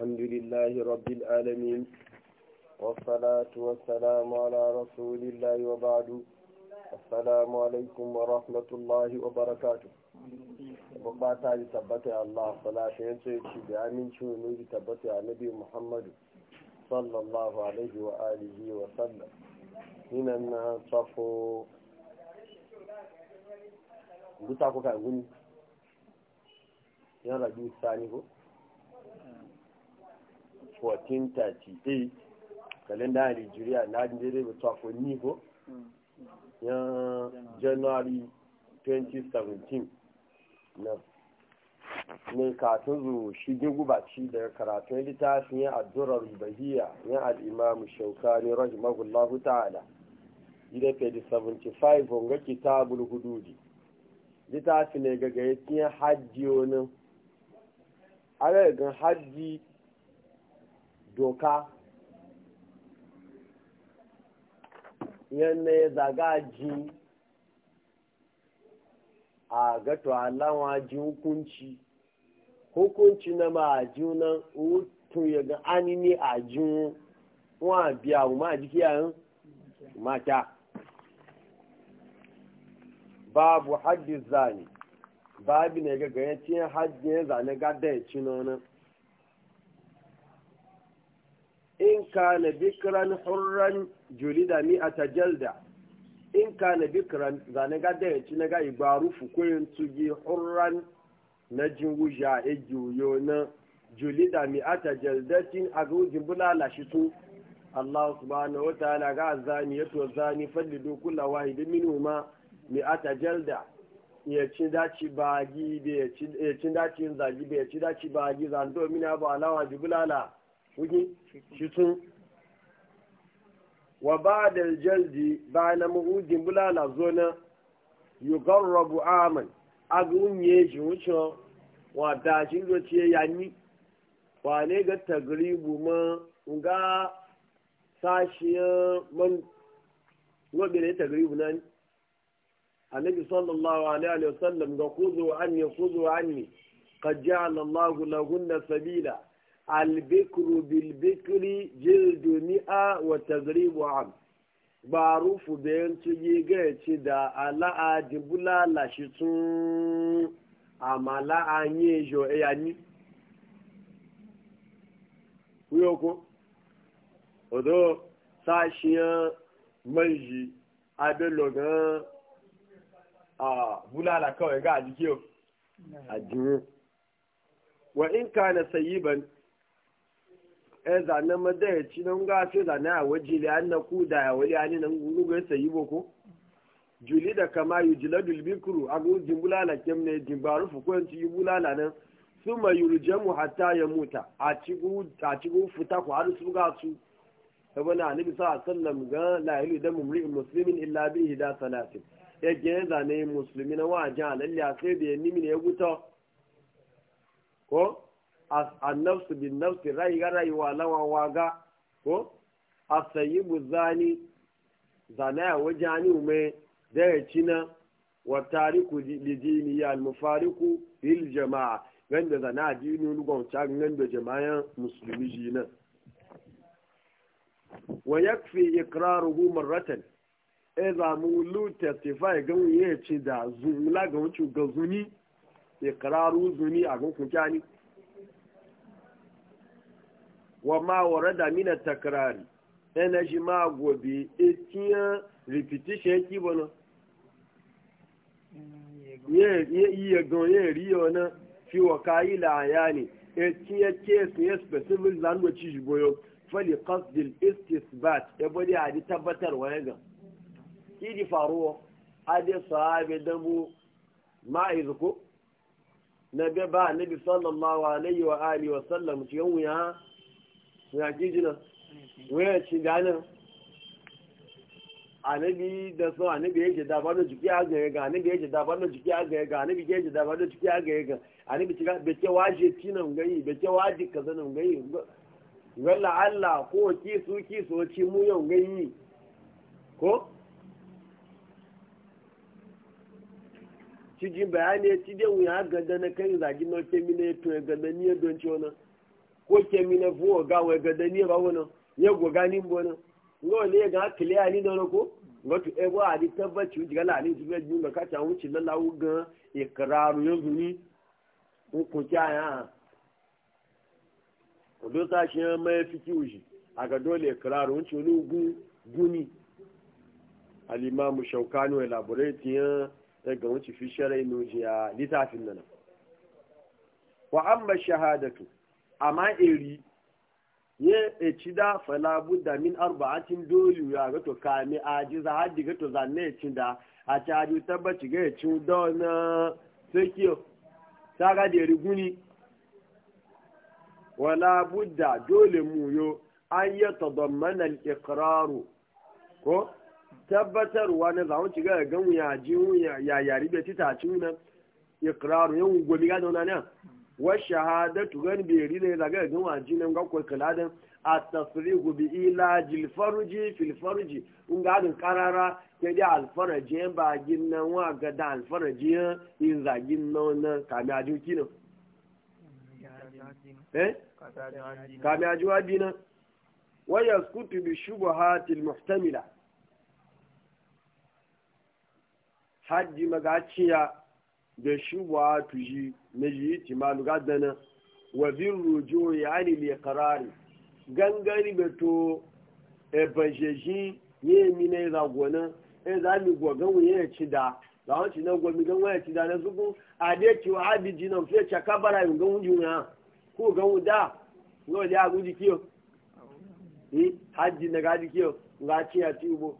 الحمد لله رب العالمين والصلاة والسلام على رسول الله وبعد السلام عليكم ورحمة الله وبركاته da aminci ne ji annabi Muhammadu sallallahu alaihi na safo buta ko kan guni sani ko 1438 kalenda ya nigeria na nigeria bai tafo nigo mm. ya january 2017 na ne katun zu shigin gubaci daga karatun littafin ya addura ribahiyya ya al'imamu shaukani rahimahullahu ta'ala gida page 75 wanga kitabul hududi littafin ne gaga ya tiyan hajji wani ana hajji doka yanne zaga ji a gato alawa ji hukunci hukunci na ma junan utu ya ga anini a jun biya ma jiki yayin mata babu haddi zani babu ne ga gayyacin ya zane gada ya ci nonin in kana bikran hurran julida mi a tajalda in kana bikran zane ga da yanci na ga igbaru fukoyin tugi hurran na jinguja e juyo na julida mi a tajaldatin a ga ujin bulala shi su Allah subhanahu wa ta'ala ga zani to zani fallido kula wahidin minuma mi a tajalda ya ci daci bagi ya ci dace zagi ya ci daci bagi zan domina ba alawa jibulala wuki shi wa ba da jaldi ba na mahudin bulala zona rabu aman agunye shi wucin wa dashin zuciya yanni wa ne ga tagribu ma ga sashiyan man gobe ne tagribu nan annabi sallallahu alaihi wa sallam ga kuzo anni kuzo anni qad ja'ala Allahu lahunna sabila albikru bilbikri jildu mi'a wa tagribu am gbarufu da yanzu yi gaci da ala'a dibula lashi tun amala anyi ejo eyani kuyoko odo sashiyan manji abelogan a bulala kawai ga ajiyar ajiyar wa in kana sayiban e ya ci nan ga ce zane a waje da an na da ya wani ani nan gugu ya sayi boko juli da kama yi jila kuru a gugu na kem ne jimbaru ci yi bulala nan su ma mu hatta ya muta a cikin futa ku har su ga su ni annabi sa sallam ga la ilu da mumri muslimin illa bi hida salatin ya gane zane musulmin na wajen alalliya sai da ya nimi ne ya guta ko annafsu bin nafsi rai ga rayuwa lawa waga ko a asayibu zani zana ya wajani ume daga cina wa tariku lidini ya almufariku bil jama'a ganda zana adini lugon can ganda jama'an musulmi jina wa yakfi iqraruhu marratan idza e mulu testify gan yace da zumla ga wucu ga zuni iqraru zuni a gun kun wa ma warada mina takrari ene shi ma gobe etiyan repetition ki bono ye ye gan ye ri ona fi wa kaila yani etiyan case ne specific language ji boyo fali qasd al istisbat e bodi adi tabbatar wa yaga ki di faruwa adi sahabe dabu izuku e na ba nabi sallallahu alaihi wa alihi wa sallam shi yawun ya suna kijina waya ci ganin anabi da so anabi yake dabar da jiki a gaya ga anabi yake dabar da jiki a gaya ga anabi yake dabar da jiki a gaya ga anabi ci be ke waje tinan gayi be ke waje zanen gani wala Allah ko ki su ki so ci mu yau gani ko cijin bayani ci dai wuya ganda na kai zagi na kemi ya to ya da ni don ci wannan ko mine mina fuwa ga wai n'i da ni ba wani ya goga ni ngo le ga kile ani ko ngo to e bo tabbaci ji ga lani ji ga ni ga ka cha wuci lalla wu ga ikraru yanzu ni ko ko ta ya ko do ta shi fiki uji aga dole ikraru lu gu guni al-imam wa elaborate e fi sharai a nan wa amma shahadatu amma eri ye e cida fala buda min arba'atin dole ya ga to kame a ji za haddi ga to zanne ci da a ci haju tabbaci ga ci cin da na sekiyo ta ga da riguni wala buda dole mu yo an ya tadammana al-iqraru ko tabbatarwa na zamu ci ga ga mu ya ji ya yari be tita ci na iqraru yan gomi ga da ne. wa shahadatu gan bi rile daga gan waji nan ga kwai kaladan at tasrihu bi ilajil farji fil farji in ga din karara ke da al farji ba gin nan wa ga da al farji in za gin nan nan ka mi aju kino eh ka mi aju adina wa yaskutu bi shubuhati al muhtamila hajji magaciya da shubuhatu tuji. meji ti malu gadana wa birru juyi ani li qarari gangari beto e ye e mi ne da gona e da mi goga wuye ci da da won ci na go mi gan ci da na zugu ade ci wa abi kabara na ko gan no ya guji kiyo eh haji na gaji kiyo nga ci ya ti ubo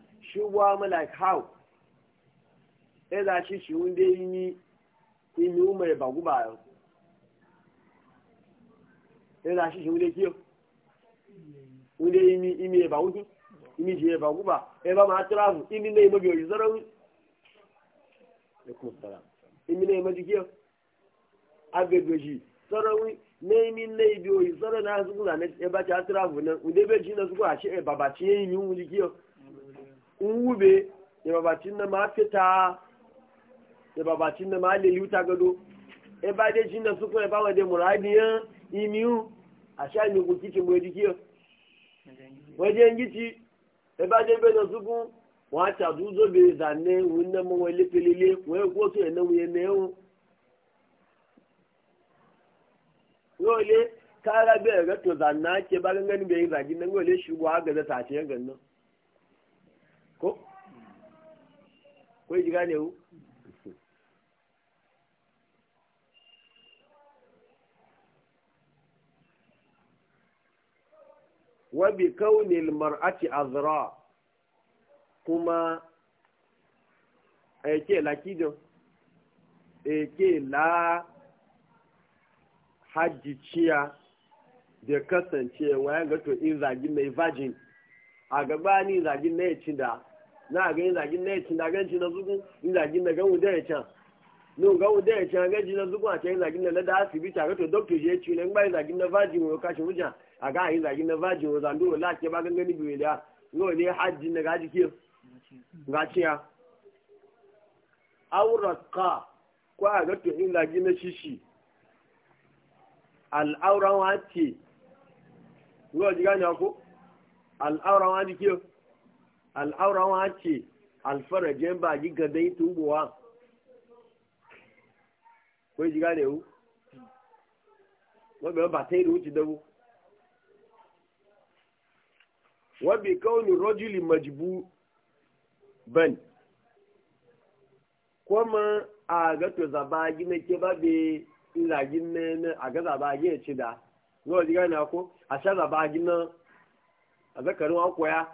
like how e da shi ìní ó mẹrẹ bàgúbà yọ ẹ̀rọ àṣìṣe wọlé kí o wọlé ìmí ẹ̀bà wújú ìmí ìṣe ẹ̀bà gúbà ẹ̀bà máa tíráàmù ìmí náà ìmọ̀bí òyìn sọ́rọ́ wí. ẹkùn sara ìmí kí o agbègbè yìí sọ́rọ́ wí ní ìmí náà ìbí òyìn sọ́rọ́ náà ẹ̀bà tí a náà bẹ́ẹ̀ náà àṣẹ da babacin na ma le yuta gado e ba dai cin da su kuma e ba wa da muradiyan imiyu a sha ni ku kici mu dike wajen gici e ba dai be da su ku wa ta duzo be zanne wunna mu wale pelele ko ko to ene mu ene o yole kara be ga to zanna ke ba gangan be zagi nan yole shugwa ga da ta ce gannan ko ko ji gane wu wa bi kaunil mar'ati azra kuma eke eh, la kido eke eh, la hajji ciya da kasancewa ya gato in zagi mai a gaba ni na ya cinda na ga in zagi na ya cinda ganci na zugun in na gan ya can nun gan wuda ya can na zugun a can na asibiti a gato doctor na a ga yi zagi na vaji wa zandu wa lake ba gangani biyu da yau ne hajji na gaji ke gaciya auraka ko a ga to in zagi na shishi al'auran wace yau ji gani ko al'auran wace ke al'auran wace alfarajen ba yi gadai tumbuwa ko ji gane wu wọ́n bẹ̀rẹ̀ bàtẹ́ ìrù ti dẹ́wọ́ wa bi kauni rajuli majbu ban kuma a na ke ba be ilagin na a ga zabagi ya ci da ga wajen na ko a sha zabagi na a zakarin akwaya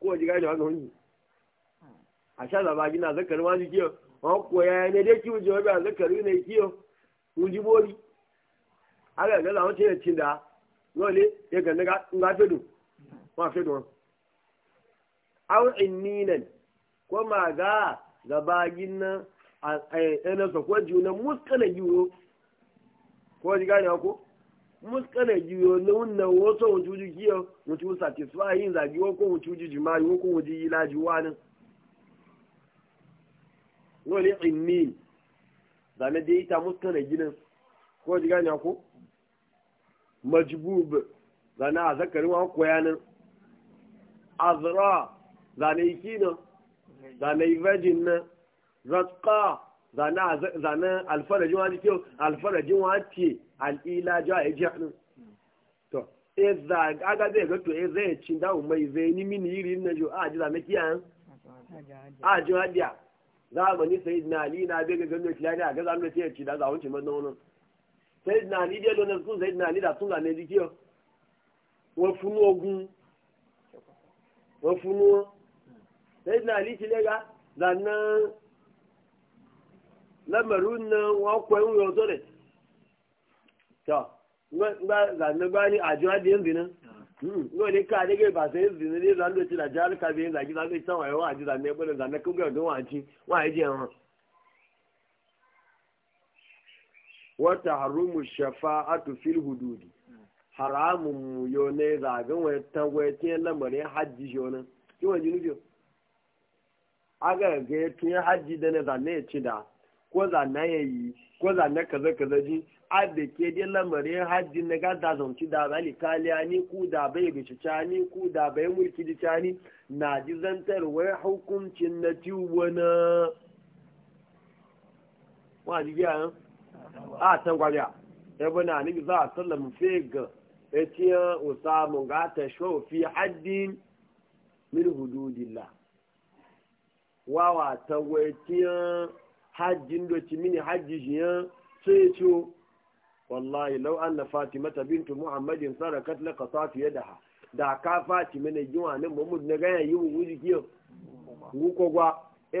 ko wajen gane wani hunji a sha na zakarin wani kiyo akwaya ne dai kiwo jawabi a zakarin ne ce da lọ́ọ̀lẹ́ ẹgbẹ̀ ńlá fẹ́dùn wọn fẹ́dùn wọn. àwọn ènìyàn kó máa gá gaba gínà ẹnẹ sọ̀kọ́ na e muskana yiwo ko ji gane ọkọ muskana yiwo na wọ́n sọ wọn tuju giya ọ wọn ti yin zagi wọn kó wọn tuju jù máa wọn kó wọn ti yí lájú wá náà. lọ́ọ̀lẹ́ ènìyàn muskana gínà ko ji gane ọkọ. majbub zane a zakarin wa koyanin azra zane iki nan zane virgin nan zatka zane alfarajin wa jikin alfarajin wa ce al'ila jawa ya jiya nan to eza aga zai ga to eza ya ci dawo mai zai ni mini yiri na jo a ji zane kiyan eh? a ji hadiya zamani sayid na ali na bai ga gano kilani a ga zanu ce ya ci da zawon ci mazaunin sai na ni dai lona sun sai da tun la funu ogun wọ́n funu wọn sai na ni tilẹ̀ ga na wọn kọ ẹ̀hún yọ sọ́dẹ̀ tọ́ ngba lana gba ni àjọ ń zina hmm, ngba ni ká adéke ìbàṣẹ ń zina ní lana ti la jáde ń zàjí lana ti sáwọn ẹ̀wọ̀n àti lana ẹgbẹ́ kó wata harumu a tufil hududi haramun mu yo ne zagin wani tangwaye lamarin hajji shi wani kiwon jini biyu aga ga tun ya hajji da na zane ya ci da ko zane ya yi ko zane kaza kaza ji a da ke dai lamarin hajji na gada da zanci da zali kaliya ni ku da bai ca ni ku da bai mulki di ni na ji zantarwar hukuncin na ciwo na wani biya eh? a can gwariya ebe na za a sallam fega ya usamu ga ta shofi fi haddin min hududillah wawa ta gwaiya hajjin doci mini hajji jiyan sai ce wallahi lau anna fatimata bintu muhammadin sarakat la qasatu yadaha da ka fatima ne jiwa ne mamud na ga yi wuji kiyo nguko gwa e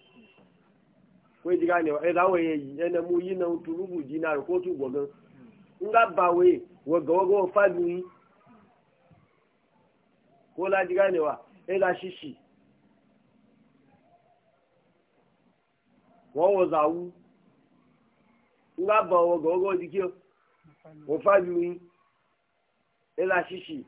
wai ji ganewa ai za waye yana mu yi na tu rubu ji na ko tu gogan in ga ba waye waga waga wa fadu yi ko la ji ganewa ai la shishi wa wa wu. in ga ba waga waga wa dikiyo wa fadu yi ai la shishi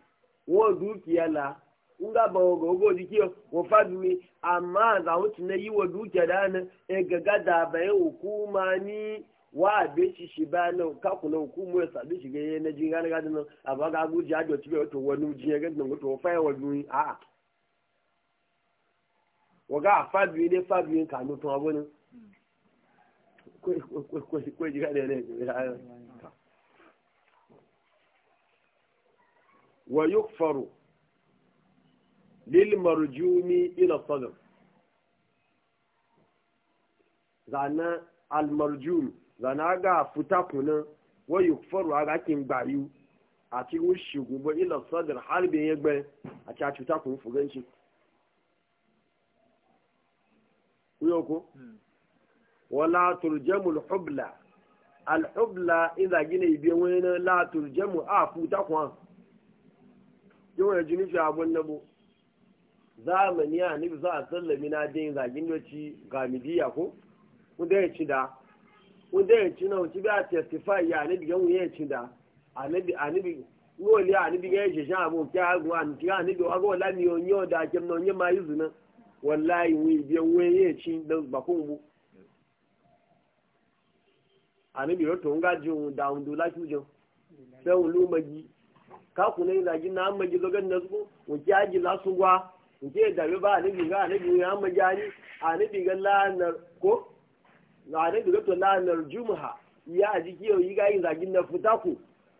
wa dukiya la nga ba wa gogo jiki wa fadumi amma za mu tuna yi wa duke da na e gaga da bayan hukuma ni wa be shi shi ba na ka na hukumu ya e sabi shi gaye na jin gani gadi nan a ba ga abuja ajo ci bai to wani jin ya gadi nan to fa wa duni a a wa ga fadumi ne fadumi ka no tun abun ko ko ko ko ji gadi ne wa yukfaru lil marjumi ila sadr zana al marjum zana ga futa kunan wa yukfaru aga kin bayu a ti wo shugubo ila sadr har be yegbe a ta tuta kun fuganci uyoko hmm. wala turjamul hubla al hubla idha gina ibe wani la turjamu a futa kun yo ya jini fi abun nabo zamani a nufi za a tsallami na dai zagin yoci ga midiya ko wanda ya ci da wanda ya ci na wuci biya testify ya nufi yan ya ci da a nufi a nufi yan ṣẹṣẹ àbò a gùn àti a nufi wà wọlá ni o yàn ọdà da ake yàn máa yi zùnà wallahi wuyi biyan ẹwọ ya ci da bakon wù. a nufi yóò tó ń ga jẹun dàùn dùn láti jẹun sẹ́wọ̀n ló mọ̀ yìí zagin na amma gizo gan lọ́gẹ́ nẹ́sùkú wuce àjì lasu gwa nke gabe ba anabi ga anabi ya anyị anabi ga lanar ko anabi ga to lanar juma'a ya ji kiyo yi ga yin zagin na futaku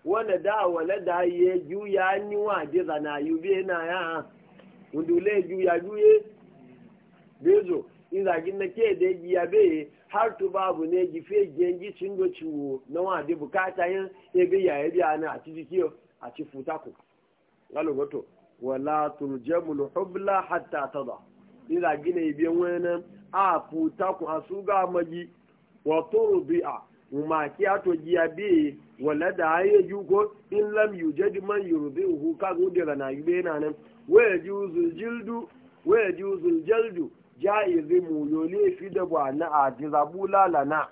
wala da wala da ye ju ya ni wa je zana yu be na ya undule ju ya ju ye bezo in zagin na ke da ji ya be har to babu ne ji fe genji cin do ciwo na wa de bukata yin ebe ya ebe ana a ci kiyo a ci futaku ngalo goto wala turjamul hubla hatta tada ila gina ibe wani a futa ku su ga wa turdi'a ma ki ato giya bi wala da aye jugo in lam yujad man yurdihu ka go de na ibe na nan wa yujuzul jildu wa yujuzul jaldu jaizi mu yole fi da ba na ajiza bulala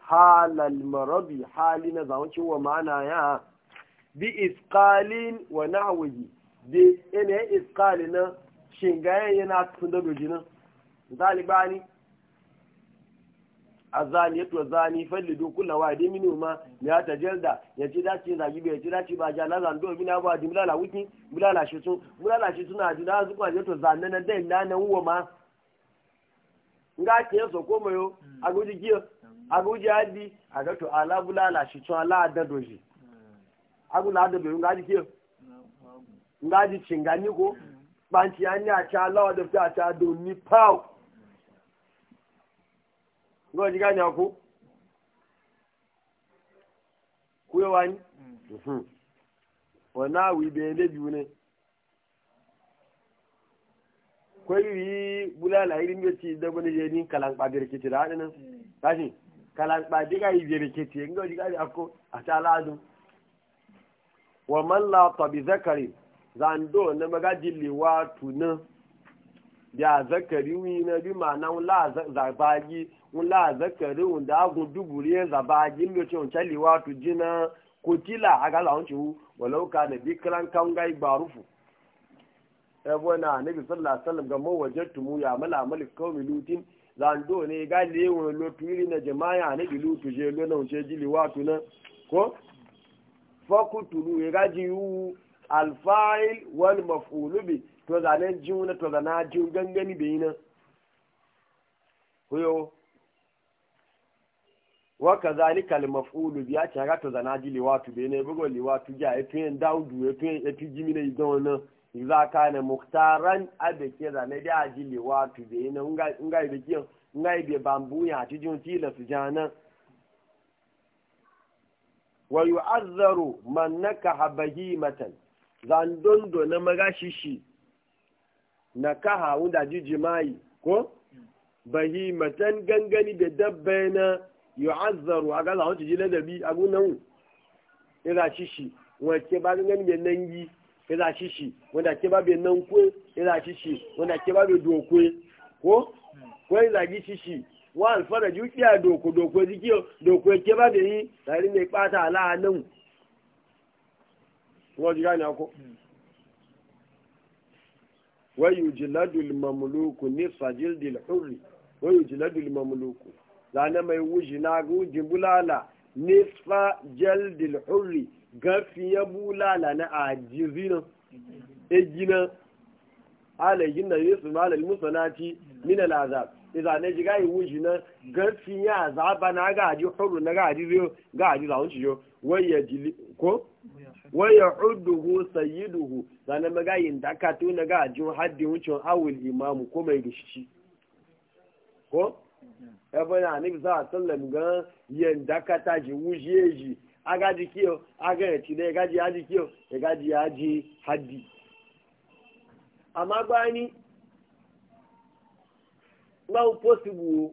halal marabi hali na zamanci wa ma'ana ya bi isqalin wa nahwihi di yanayin iskali na shiga e ya na da doji nan misali bani azani ya tuwa zani falli dokun lawa da mini ma ya ta jelda ya ci dace zagi ya ci dace ba ja lazan do mina ba di mulala wuki mulala shi tun mulala shi suna ji da zuwa ya to zanne na dai na nan uwa ma nga ke so ko moyo hmm. aguji giyo aguji adi aga to ala bulala shi tun ala da doji hmm. agula da bai nga ji giyo ngaji chingani ko banti ani acha lawa da ta ta do ni pau ngo jiga nya ku kuyo wani mm. mhm na wi be le ne? ko mm. yi bula la irin be ti da bane je ni kalan ba dire kiti da nan tashi kalan ba diga yi dire kiti ngo A ko acha do wa man la bi zakarin zando na magaji liwatu na ya zakari wi bi ma na wula zabagi wula zakari wunda agun dubure zabagi lokacin liwa liwatu jina kutila a gala wancan walau ka da bi kiran kan gai barufu ebo na nabi sallallahu alaihi wasallam ga mawajjatu mu ya mala malik qaumi lutin zando ne ga lewo lotu iri na jama'a nabi lutu je lo na wancan liwatu na ko fakutulu ya e gaji yu alfa'il wal maf'ul bi to zanen juna to zana jun gangani bi na huyo wa kadhalika al maf'ul bi ya ga to zana ji liwatu bi ne bugo liwatu ja e pin daudu e pin e pin jimi ne idon na idza kana muhtaran abeke zane da ji liwatu bi ne nga nga bi kiyo ngai bi bambu ya ti jun ti la su jana ويعذر من نكح nakaha zandondo na magashishi na kaha wanda jiji mai ko bahimatan gangani da dabba na yu'azzaru a ga zawon jiji ladabi a gunan ira shishi wanda ke ba gangani da nan yi, ira shishi wanda ke ba bai nan kwe ira shishi wanda ke ba bai dokwe ko kwai ira gi shishi wa alfara jukiya doko doko zikiyo doko ke ba bai yi tare ne kpata ala nan wajen gane ko wayu jiladul mamluku nisa jildil hurri wayu jiladul mamluku zane mai wuji na gujin bulala nisa jildil hurri gafiya bulala na ajizina egina alayhin da yesu malal musanati min al'azab iza ne ji gayi wuji na gafiya azaba na gaji hurri na gaji zai gaji zawon ciyo wayya jili ko waya udduhu sayyiduhu zane magayin da aka tuna ga ajin haddi wucin awul imamu ko mai gishi ko ebona anabi za sallam ga yan da ta ji wuje ji aga ji kiyo aga ya ci da ga ji haji kiyo ya ga ji haddi amma bani ba possible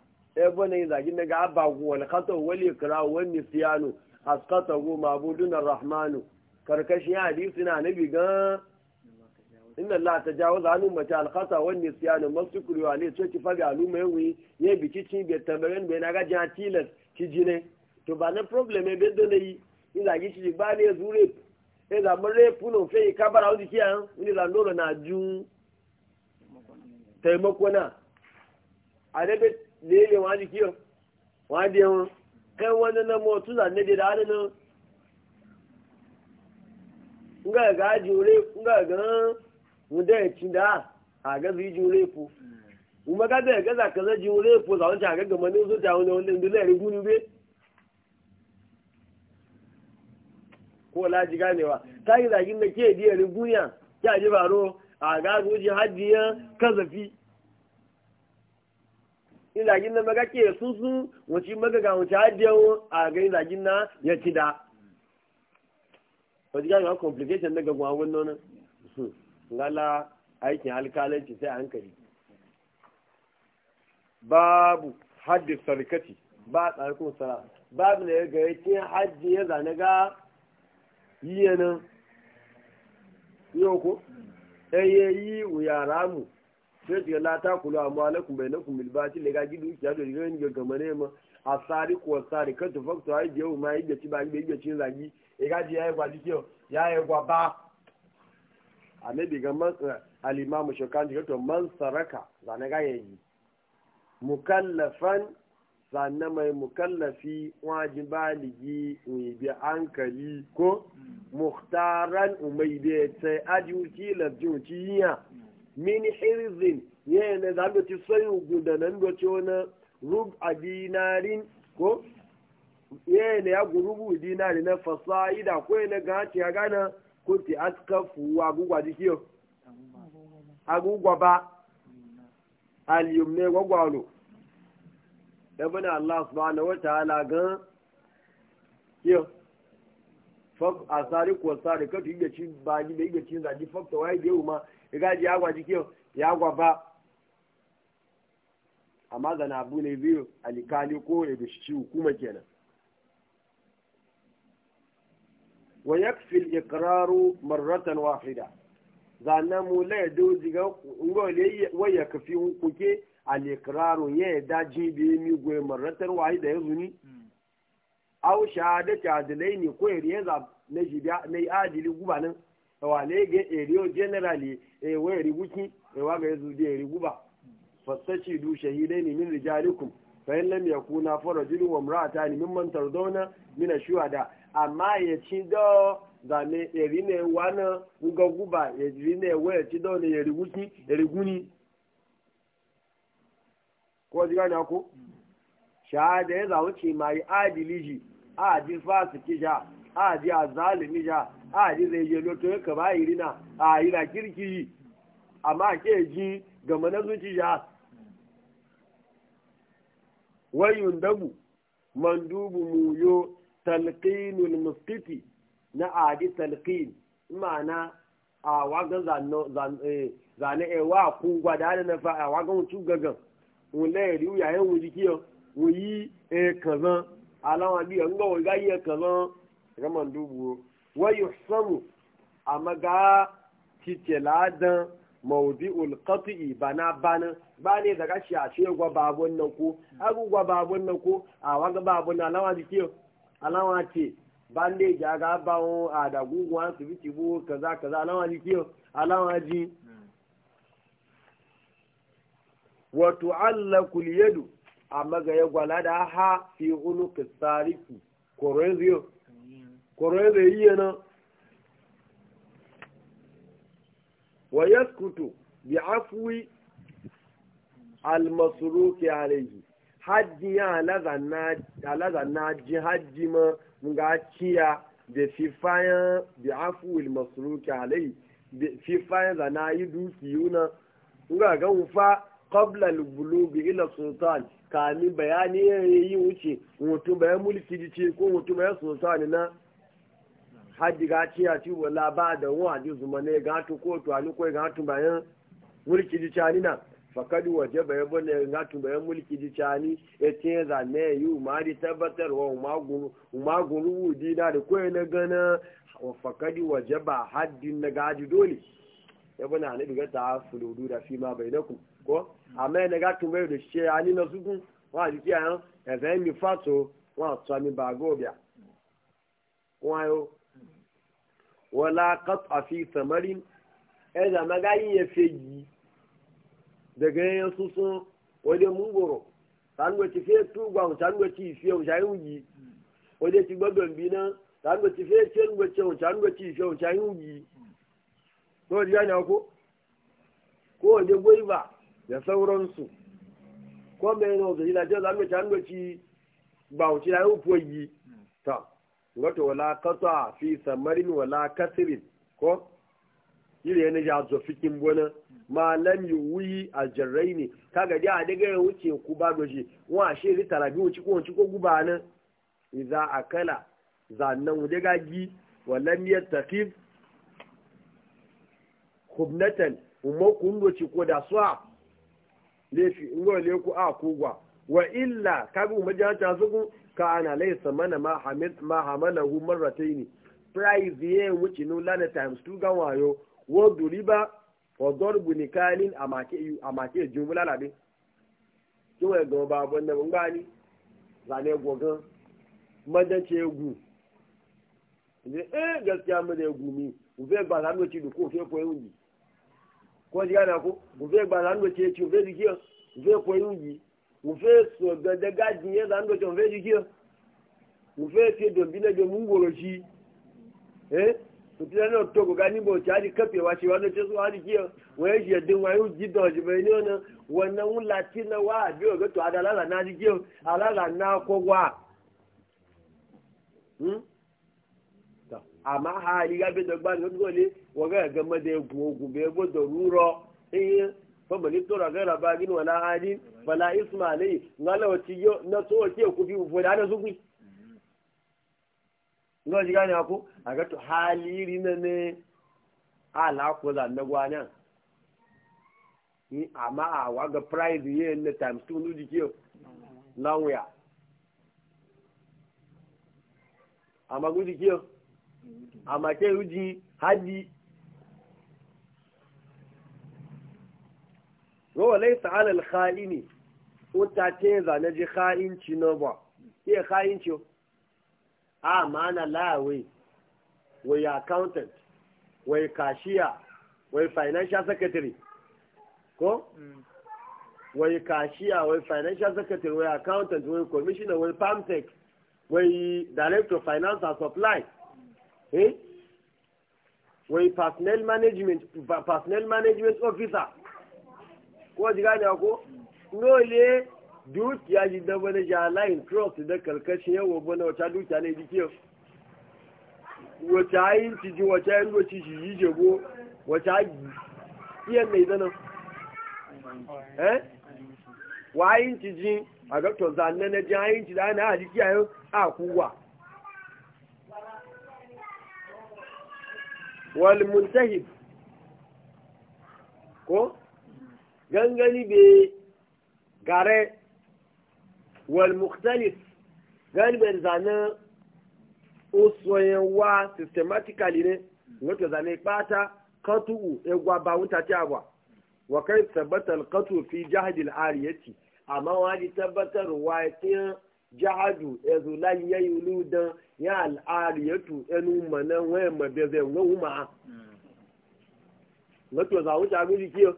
ebe eh, ne zagi na wani wal khata wal ikra wal nisyanu asqata hu mabudun rahmanu karkashin hadisi na nabi ga inna allah tajawaza an ummati mace khata wani siyanu masu kuriwa ne ce ki faga aluma yawi ye biki ci be tabaren be na ga jan tilas ki jine to ba na problem e be do yi in zagi ci ba ne zure e da mare puno fe kabara odi ki an ni la ndoro na ju taimako na a dabe lele wọn di kíọ wọn di ẹwọn na wọn nana mọ tún là ní dídá ji nwere jùlẹ ngàgà ńdẹ tìǹda àgàbí jùlẹ po umagadẹ ụmụaka kẹlẹ jùlẹ po làwọn ti àgàgàmọ ní oṣù tí àwọn ọdún ẹni lẹẹrin gún nígbẹ. ko laji ganewa ta yi zagin e ji baro a ilagin na maga ke susu wacin magaga wacin hajiyar a ga ilagin na ya ci da wajen gajiyar complication na gagwa wannan ngala aikin alkalanci sai hankali babu hajji sarkaci ba tsarkun sara babu na ya gare cin hajji ya zane ga yi yanan yau ko ɗaya eh, yi wuya ramu sai la ta kula amma lakum bainakum bil batil ga gidu ki hado ga ni ga mane ma asari ko asari kan to fakto yi je ma yi ci ba yi ga cin zagi e ga a ga shokan to man saraka zane ga mukallafan sannan mai mukallafi wajen baligi bi ko mm. muhtaran umai da min hirzin yana za mu ci sai guda nan da ci wani rub a dinarin ko yana ya gurubu dinari na fasa'ida ko yana gaci ya gana ko ti askafu agugwa dikiyo agugwa ba aliyumne gwagwalo ibn Allah subhanahu wa ta'ala gan yo fak asari ko sari ka tu yaci ba ni da yaci zaji fakta wai da yau ma igaji ya gwaji kiyo ya gwaba amma na abu ne biyu alikali ko ya shi hukuma kenan wa yakfi al-iqraru marratan wahida zanna mu la do diga ngo le wa yakfi hukuke al-iqraru ya daji bi mi gwe marratan wahida hmm. au aw shahadatu adlaini ko ya za na yi na adili gubanin wale ga eriyo generally e wa eri wuki e wa ga yazu da eri guba fasashi du shahidaini min rijalikum fa in lam yakuna farajulun wa imra'atani mimman tardawna min ash amma ya ci do da ne eri ne wana uga guba eri ne wa ci do ne eri wuki eri guni ko ji gani ko shahada ya zawo ci mai adiliji a ji fasiki ja a ji a zalimi ja a ji zai je loto ya kaba iri na a yi na kirki amma ke ji ga mana zuci ja wayun dabu mandubu muyo talqinul musqiti na adi talqin mana a wagan eh, zane ewa kun gwada da na fa a wagan wucu gagan wule riu yayin wuji kiyo wuyi e kazan alawan biyo nga wuga yi e kazan gaman dubu wayu samu a maga cike ladan maudi'ul qati'i bana bana ba ne daga shi a ce gwa babun nan ko agu gwa babun nan ko a waga babun na lawa dike alawa ce bande ja ga bawo a da guguwa su bi bu kaza kaza alawa dike alawa ji wa tu'allaku yadu a ga ya da ha fi unuqis sariki koreziyo koroye zai yi yana wa yaskutu bi afwi almasruki alayhi hajji ya alaza na ji hajji ma nga kiya da fifayen bi afuwil masruki alayhi fifayen da na yi dukiyuna nga ga fa qabla al-bulugh ila sultan kami bayani yayi wuce mutum bayan mulki ji ce ko mutum bayan sultan na haji ga ci ci wala ba da wa ji zuma ne ga tu ko to ani ko ga tu bayan mulki ji cani na fakad waje bayan ne ga tu bayan mulki ji cani e ce za ne yu ma di tabbatar wa ma guru ma di da da ko ne gana wa fakad waje ba haddin na ji dole ya na ne daga ta fuludu da fi ma bainakum ko amma ne ga tu bayan da shi ani na su wa ji ya e zai mi fato wa tsami gobia wa yo wala qat'a fi samarin e da magayin ya feji daga yan susu wade mungoro tango ti fe tugwa tango ti fe wuce jayin yi wade ti gbadon bi na tango ti fe chen go chen tango ti fe wuce jayin yi to di yana ko ko wade goiba da sauransu ko me no da ila je tango ti gbawuci ayi upo yi ta wato wala kasa fi samarin wala kasirin ko yire ne ya zo fikin bona malam yuwi a jarrai ne kaga a daga ya wuce ku ba doji wa a ri tarabi wuce ko wuce ko guba nan idza akala zannan wuce gagi walam yattaqib khubnatan umma kun wuce ko da suwa lefi ngo le ku a kugwa wa illa kaga umma ta kana laysa mana ma hamil ma hamalahu marratayn price ye wuce no lana times two gan wayo wo duriba wa darbu nikalin amake yu amake jumla labe ki wa go ba bon da ngani zane gogan madan ce egu. ne e eh, gaskiya mu da gu mi u fe gba lanu ci du ko fe ko yuji ko ji gana ko u fe gba lanu ci ci u fe di ki u fe ko yuji mo fẹ́ sọ gẹ́gẹ́ gáàdì yẹn là ń dọ̀jọ́ mo fẹ́ di kí o mo fẹ́ fi dòbí náà jọ mo ń wòrò sí i ẹ́ mo ti lẹ́nu tó kò ká níbo tí a di kẹ́pì wá ṣe wá wá kí o wọ́n yẹ ṣe dín wọn yóò jí dàn ṣe fẹ́ ní ọ̀nà wọn náà ń la tí náà wá àbí òkè tó adá alára náà di kí alára náà kọ́ wá. àmọ́ ha àyíká bí dọ́gba ní ó dúró lé wọ́n fama ni tora gaira bagin wala adin isma ne ngala wati na so ke ku bi da su ku gani aga to haliri ne ne ala ko da ama a wa ga times two nu di ke lawya ama gudi ke ama wa laisa alal khalini uta ce za na ji khainci na ba ke khainci a mana lawe wai accountant wai kashiya wai financial secretary ko hmm. wai kashiya wai financial secretary wai accountant wai commissioner wai pamtech wai director of finance and supply eh wai personnel management personnel management officer wajen ji gane ko nole dukiya ji da wani jalain trust da karkashin yawa bana wata dukiya ne dike wata yi ci ji wata yi yin ci ji yi jego wata iyan mai zana eh wa yi ci ji a ga to na ji yi ci da na a jiki yau a kuwa wal muntahib ko gangani be gare wal mukhtalif gani be zana osoyewa systematically ne to zane bata katu egwa ba wuta ta agwa wa kai tabbata alqatu fi jahdi ariyati amma waji tabbatar wa tin jahadu ezulan yayuludan ya al al'ariyatu enu mana wayan mabeze nguma hmm. wato za wuta guji kiyo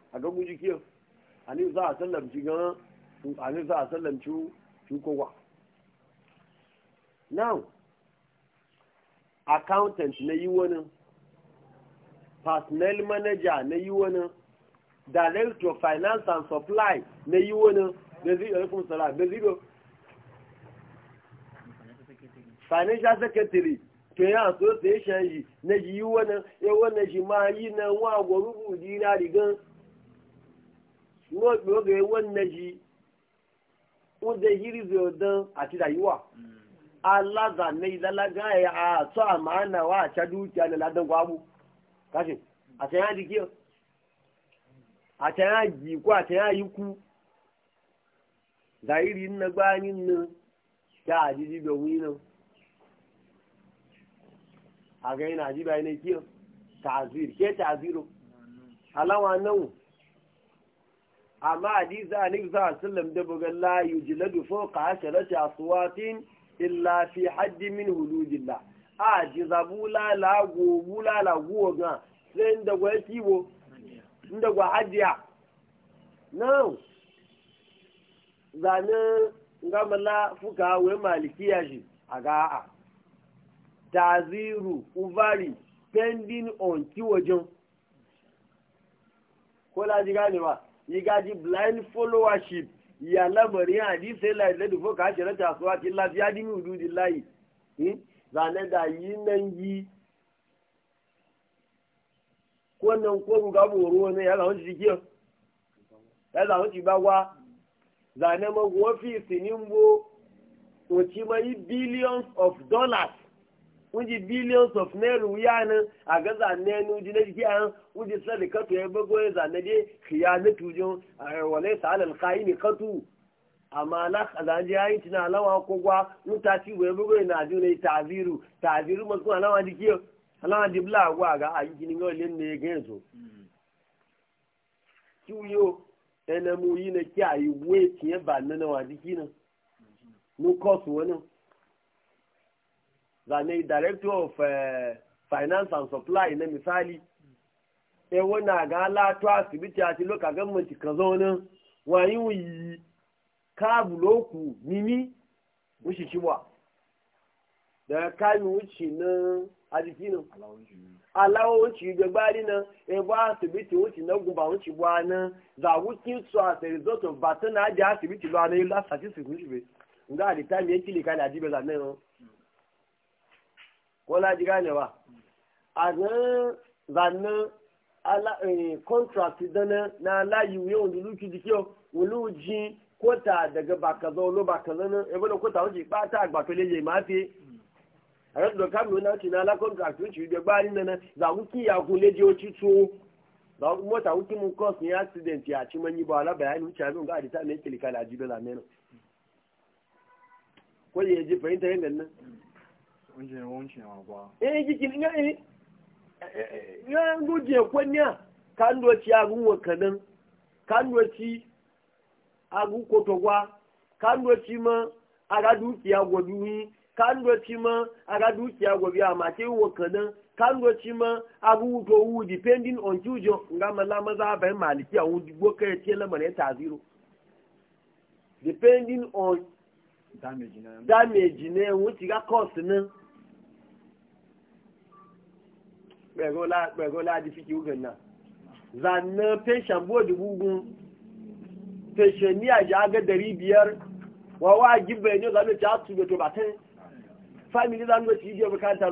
a ga guji kiyo ani za a sallamci gan ani za a sallamci shukowa now accountant na yi wani personnel manager na yi wani director of finance and supply na yi wani sara da zai beziro financial secretary to yi association yi na yi wani ya wani shi ma yi na wa gwarubu dinari rigan n'oge oge ewe nne ji ụdị yiri zi àti ìdáyíwà mm. alaza ní ìdálágá ẹ̀ a àmàánà wa àṣájú ti àná ládọ́gbọ́ ábú káṣí àtẹ̀yà di kí ọ àtẹ̀yà yìí kú àtẹ̀yà yìí kú dàírí nnagbá na tá àdídí bẹ̀wú nínú àgẹ́yìn àdíbà yìí ní ke amma hadisi annabi sallallahu alaihi wasallam da bugan la yujladu fawqa asharati aswatin illa fi haddi min hududillah a ji zabula la go bula la go ga sai inda gwa kibo inda gwa hadiya no zane ngamala fuka we malikiya shi aga a taziru uvari pending on kiwojon ko la ji ganewa yi gaji blind followership ya lamari hadisi ya lai ladu foka ashe rata asuwa ti lafiya di mi hududi layi hmm? zane da yi nan yi ko nan ko mu ga boro ne ya zawon shi kiyo ya zawon shi ba wa zane ma wofi sinin bo yi billions of dollars wuji billions of naira wuya nan a ga zane nu ji na jiki an wuji sadi katu ya bago ya zane dai khiyanatu jin wale sa alal khayini katu amma la zanje yayin tina lawa ko gwa mun ta ci wa bago na ju ne taziru taziru mun kuma lawa jiki lawa dibla gwa ga a yi kinin gole ne ga yanzu kiwo ene mu yi ne ki ayi we tiye ba nan wa jiki na nu kosu zane director of uh, finance and supply na misali e wona ga lato asibiti ati loka government kan zo nan wayin wuyi kabu loku mimi wushi kiwa da yi wuci na adiki nan alawo wuci gbagbari nan ebo asibiti wuci na gumba wuci bwa nan za wuki so as a result of batana aji asibiti lo yi last statistics wuci be nga a the time yekili kali ajibe za nan ko laji ganewa a nan zannan eh, contract dana na layi yau da luki jike wuluji kota daga bakazo lo bakazo nan ebe da kota wuce bata agbapele je mafi a yadda doka mi wani wuce na ala contract wuce ibe nana za wuki ya kun leje wuce tuwo za mota wuki mun cause ni accident ya ci manyi ba ala bayani wuce abin ga adita mai kilikala jibe zamenu ko ya ji fahimta yin nan eh jikin nga eh nga nguje kwanya kan do e ci agun wakanan kandoci do e ci agun kotogwa e ma aga dukiya gobi kan do ci ma aga dukiya gobi ama ke wakanan kan do ci ma agun to wu depending on jujo nga mala maza ba maliki a wudi goka ya ce lamare ta zero depending on damage na damage ne ga cost na pẹ̀rọ láti fi kí ogun náà zanna pension board gugun pension ní àjá agẹ́dẹ̀rí biyar wà wá jíbẹ̀ ní ọ̀sán ló ti bàtẹ́ fámìlì zanna ti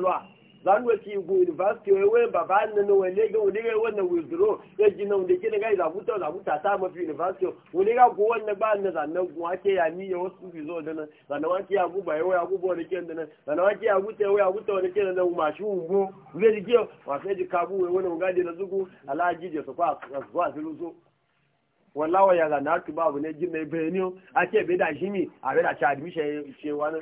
lọ́wọ́ zanwe ki go university we we baba na no we le go le we na withdraw e ji na unde kile gai za buta za buta ta ma university we le ga go wonna ba na za na go ake ya ni yo su bi zo de na za na wake ya guba yo ya bo ne kende da na za na wake ya te yo ya guta ne ken da ma shu ungo we ji ke wa sai ji bu we we wona de na zugu ala ji je so kwa kwa zilu zo wallahi ya za na tu bu ne ji me be ni o ake be da jimi a be da cha admission ce wani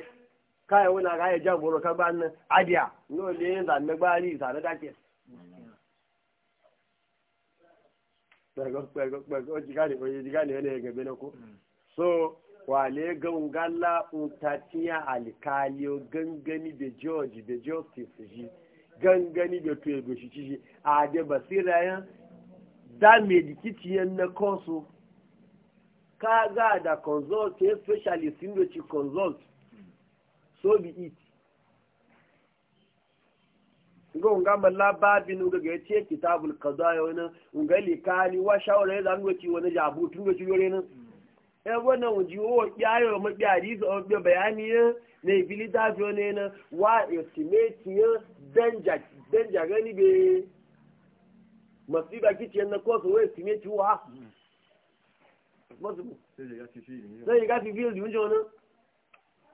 káyọ̀ wọn àgáyé jágboro kágbá ná adìà yóò lé ìzàmẹ́gbá rí ìsàdọ́dákẹ́. pẹ̀gọ́ pẹ̀gọ́ so da george da justice ji gangani da shi a da basira yan na kaga da consult especially sindoci consult so be it ga unga malla babin ga ga yace kitabul qada ya wani unga likani wa shawara ya zango ci wani jabu tun ga jiyore nan e wannan uji o ma biari zo be bayani ne bili jo ne na wa estimate ya danja danja gani be masiba na ko so estimate wa masu sai ga fi field mun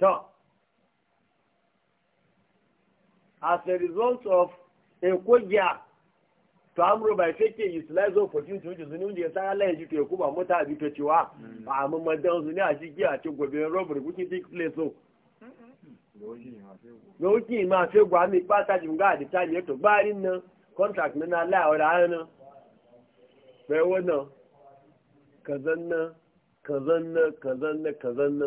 to as a result of ekogya to amuru by fake utilize opportunity which is in the entire land to yakuba mota bi to cewa mm. ba ma dan su ne a ciki a ce gobe robbery which take place so lóòjì máa fẹ́ gbà ji nga di ta ye to bá ri na contract la náà láàárọ̀ na be wo na kazan na kazan na kazan na kazan na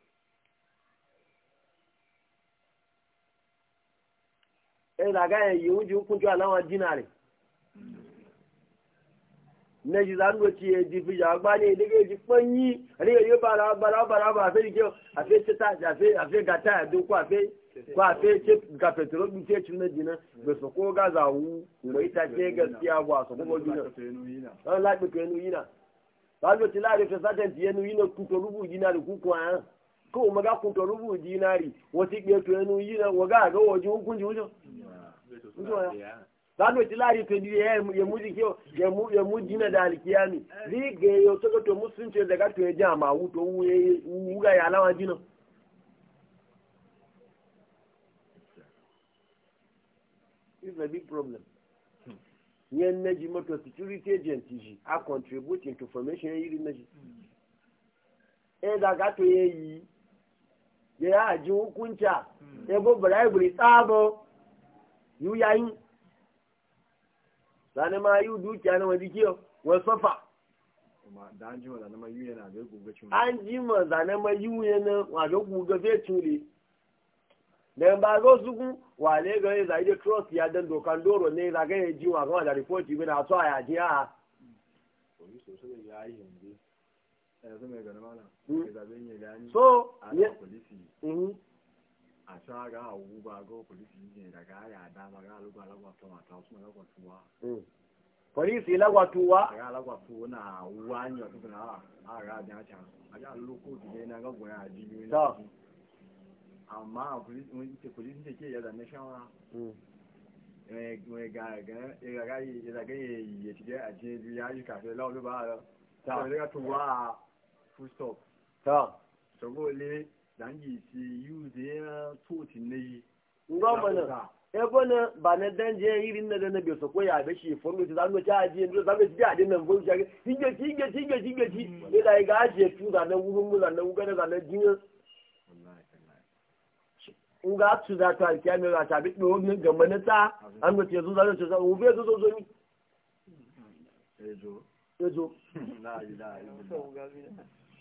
sai na ga yayi wuji hukunci alama dinare na ji zan wuce ya ji fi jagba ne daga ji fanyi riga yi bara bara bara ba sai ke a fe ce ta a fe a fe ga ta duk ko a fe ko a fe ce ga petro bi ce cin dina da so ko ga zawu mai ta ce gaskiya ba so ko dina an la bi ke nu yina ba lo ti la re fe sa den ti yenu yina ku to rubu yina ku ko an ko maga kun to rubu dinari wati ke to yanu yina waga ga waje hukunci wujo dan wati lari to diye ya muji ke ya mu ya mu dina da alkiyami ri ge yo to to musunce daga to ya jama wu to wuye wuga ya lawa dina is a big problem yen neji motor security agent ji a contributing hmm. e to formation yiri neji e daga to yi. da ya ji hukunca ya go bribery tsabo yu yayin zane ma yi dukiya na wadi kiyo wasafa an ji ma zane ma yu yana da guga an ji ma zane ma yu yana wa da guga fe tule da ba go suku wa ne ga yi zai trust ya dan dokan doro ne za ga ji wa ga da report bi na to a yaji a yanzu mai gani mana ke hmm. zaben ya gani so a ga polisi mm-hmm. a sha ga hagu ba ga polisi ne daga ya dama ga alugba lagwata mata wasu lagwatuwa mm. polisi lagwatuwa ga lagwatuwa na wuwa ne wasu na a ga abin a can a ga lokoki ne na gagwaya a jibi na amma polisi ne ke yadda na shawara mm. eh, ga ga ya ci ga a jibi ya yi kafin laulu ba a ta wani ga tuwa full stop ta sago le dan yi si use ya toti ne ngoma na e ba na dan je irin na da na bi ya be shi fondo ti zanu ta aje ndo zabe ti ade na ngo ja tinge tinge tinge tinge ti ne da ga aje tu da na wuru mu da na uga da na jinya nga tu da ta kya ne ga ta bi do ne ga manata an go ti zo zanu ta u be zo zo zo ni ejo ejo la ilaha illallah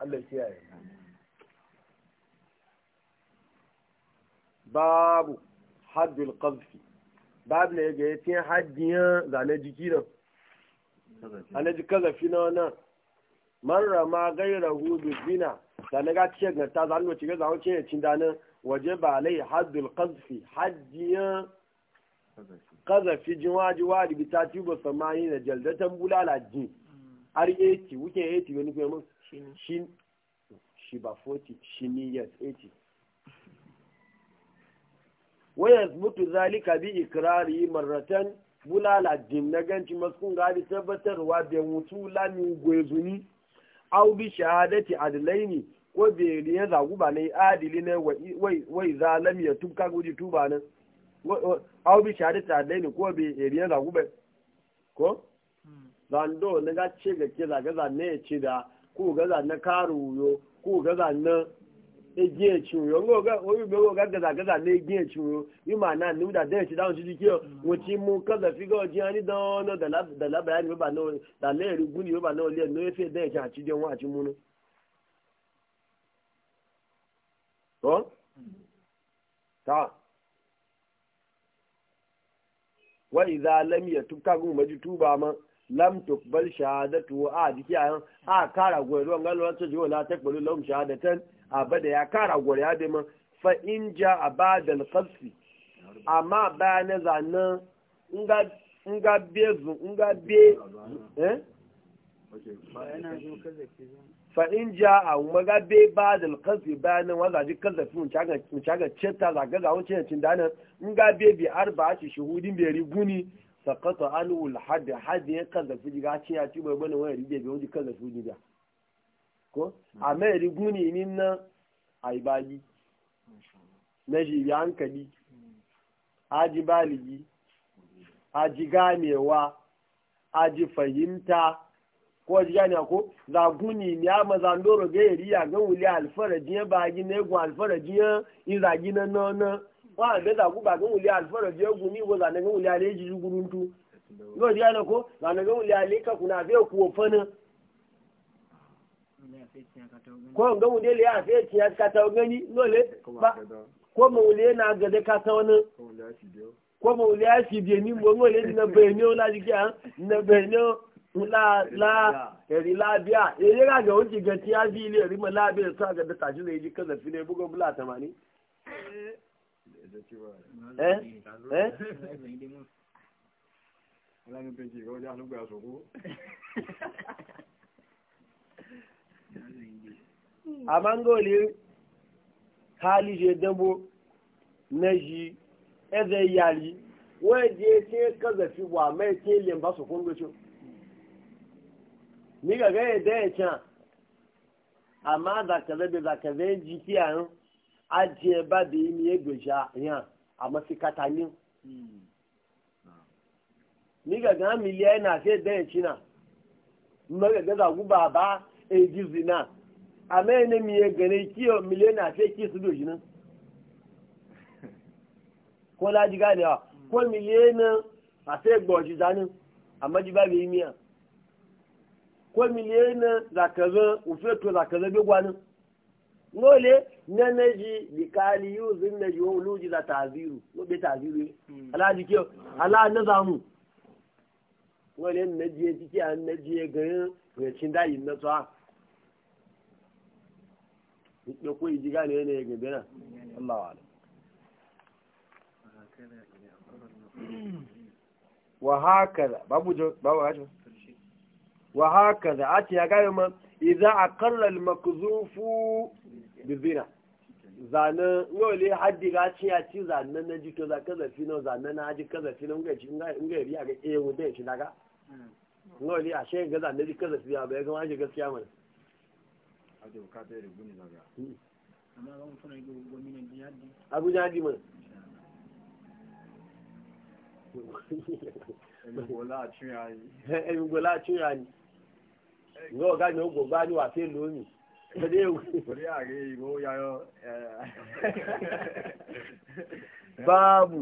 Allah kiyaye babu haddul qazfi babu ne ga yace haddiyan zane jiki nan anaji kazafi na wannan marra ma gaira hudu bina zane ga cike ga ta zanu cike zanu ce ya cin danin waje ba alai haddul qazfi haddiyan kazafi jinwaji wadi bitati ba samayi da jaldatan bulala jin har ya ci wuke ya ci wani kuma shi shi ba 40 shi ni yes 80 wayas mutu zalika bi ikrari marratan bulala jim na ganci maskun gadi tabbatarwa da mutu lami gwezuni au bi shahadati adlaini ko beli ya zagu ba ne adili ne wai za lam ya tuka guji tuba nan au bi shahadati adlaini ko beli ya zagu ba ko zando na ga ce ga ke zaga zanne ya ci da ku ga zanne karu wuyo ku ga zanne egiye ci wuyo ngo ga oyu be ga ga zaga zanne ma na ni da den ci da ci dike wo ci mu ka da fi ga ji ani don no da la da la bayani ba no da le ri guni ba no le no e fe den ci ci de lam tuqbal shahadatu a jiki a a kara gore ruwan gano wata jiwa ta taqbalu lahum shahadatan abada ya kara gore ya dai fa in ja abada al-qasfi amma bayan zanan in ga in ga bezu in ga be eh fa in ja a maga be ba da alkazi na wanda ji kazafi mun caga cinta zaga zawon cin cin dana in ga be bi arba a shahudin bai riguni sakata anul hadd hadd ya kaza fiji ga ce ya ci bai bane wani rige bai wani kaza fiji da ko hmm. a mai riguni nin nan ai bayi na hmm. ji ya hankali aji baligi aji ganewa aji fahimta ko aji gane ko za guni ni ama zandoro ga yari ya ga wuli alfarajin ba gina na egun alfarajin ya izagi na nana wọn àgbẹ̀ zàgùn bàgẹ́ ń wùlé àlùfọ́rọ̀ bí ogun ní ìwọ zànàgẹ́ wùlé alẹ́ jíjú gúrú tú yóò di àná kó zànàgẹ́ wùlé alẹ́ kankun náà àfẹ́ òkú òfin náà. ko nga wùlé lè kata ọgbẹ́ ní lọ́lẹ̀ bá kó mọ wùlé náà gẹ̀dẹ̀ kata ọ̀nà kó mọ wùlé àṣìbìyẹ ní mọ wọlé nàbẹ̀ ní ó láti la la nàbẹ̀ ní ó ẹ̀rí lábíà eré àgbẹ̀ ó ti gẹ̀ tí á bí ilé ẹ̀rí mọ́ lábẹ́ ẹ̀tọ́ àgẹ̀dẹ̀ tàjú lè yí kẹ́lẹ̀ fi ẹ́ ẹ́ ọlọ́run tó jì ọjọ́ alúgbà àṣòkó a hali ṣe dánbó mẹ́jì ẹ̀fẹ̀ yàrí wọ́n jẹ́ tí kọ́gbẹ̀ fi wà mẹ́ẹ̀kí lè bá ṣòkó ń lóṣù ní gàgẹ́ ẹ̀dẹ́ ẹ̀kàn àmá àdàkẹ́lẹ́bẹ̀ àdàkẹ́lẹ́ kí àrùn ajiye ba da yi miye gbeja yan a masikata ni ni gaga miliyan na sai dan china mma gaga za guba ba gu baba e jizina amma ne miye gane kiyo miliyan na sai ki su dojina ko laji gane wa ko miliyan a sai gboji zanin amma ji ba da yi miya ko miliyan na zakazo ufe to zakazo bi gwanin ngole na naji likali yuzin na ji wulu ji la taziru ko be taziru hmm. ala ji ke ala na zamu ngole na ji ji an na ga ga cin yin na tsa ko ko ji ga ne ne ga Allah wa wa hakaza babu babu wa hakaza ati ya ga idza aqarra al-makzufu bizina zane wale haddi ga ci ya ci zane na ji to za ka zafi na zane na ji ka zafi na nga ci nga yabi a ga eh wanda ya ci daga wale a shi ga zane ji ka zafi ya bai gama shi gaskiya mana abuja mana ìwé ọ̀gá ni ó gbògbá ní wàá fẹ́ lónìí. Ẹdí ewu. Orí àrí ìwé ó yáyọ. Báàbù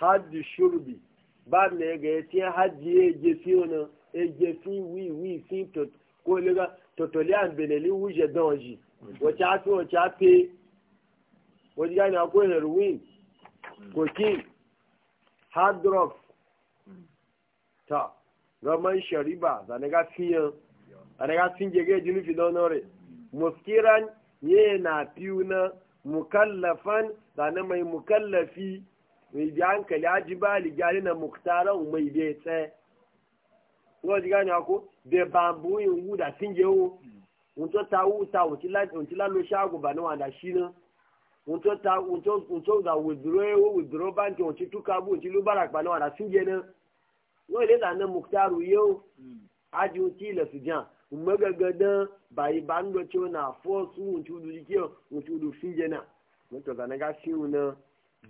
hajj ṣurubi báàbù ẹ̀gẹ̀ tí hajj ẹ̀jẹ̀ fi ọ̀nà ẹ̀jẹ̀ fi wí wí fi kó lẹ́gà tọ̀tọ̀lẹ́ àbẹ̀lẹ̀lẹ́ wújẹ̀ dán ọ̀jì wọ́n ti á fi wọ́n ti á pé wọ́n ti yá akó Ta. roman shariba zanaga fiyan zanaga fin jege jini filonore muskiran ye na fiyu na mukallafan zane mai mukallafi mai bi hankali aji ba ligali na muktaran mai bai tse wọ́n ti gani ako de bambu yi wu da fin je wo wọ́n ta wu ta wọ́n ti lalo ba bani wa da shi na wọ́n tó ta wọ́n tó da wòdúró ewo wòdúró báńkì wọ́n ti túkà bu wọ́n ti ló bára pa ni wa da fin je na. wọ́n lè lànà muktaru yóò ájú tí ilẹ̀ sì jàn mọ́gàgàdán bàyí bá ń tí náà lọ́tí ọ̀nà àfọ́sù tí jíjẹ́ ntúdu fíjẹ́ náà wọ́n tọ̀ sànà ká sí wọn náà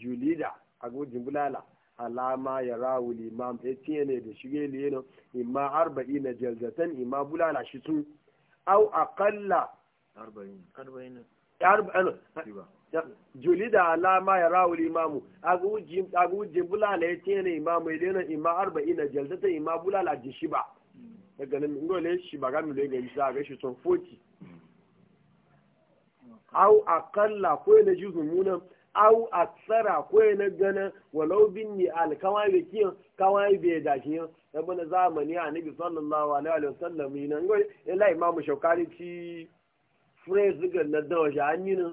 jùlídà agójì búláàlà aláàmà yàrá wuli ìmá etí ẹ̀ náà ṣúgbẹ́ ilé yẹn náà ìmá arba'i na jẹ̀lzẹ̀tẹ́n ìmá búláàlà ṣi tún aw àkàlà arba'in arba'in da alama ya rawul imamu agujin bulala ya tena imamu ya dena ima arba'ina jalzata ima bulala ji shi ba hmm. daga nan dole shi ba gami da gari sa ga shi son 40 hmm. au akalla ko na juzu muna au aksara ko na gana walau bin ni alkawai da kiyan kawai bai da kiyan yabo na zamani a nabi sallallahu alaihi wasallam ina ingo gole ila imamu shaukari ci phrase ga na dawo ja annin